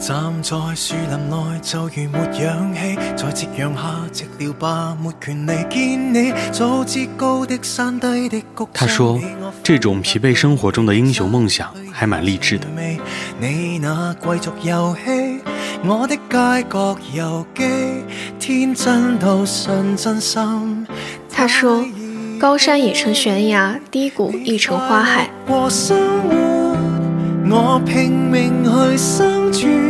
站在樹林內就如沒氧氣，在夕陽下寂寥吧，沒權利見你。早知高的山低的谷中，他說，這種疲憊生活中的英雄夢想還蠻勵志的。「你那貴族遊戲，我的街角遊記，天真到信真心。他說：高山也成懸崖，低谷亦成花海。你快樂過生活，我拼命去生存。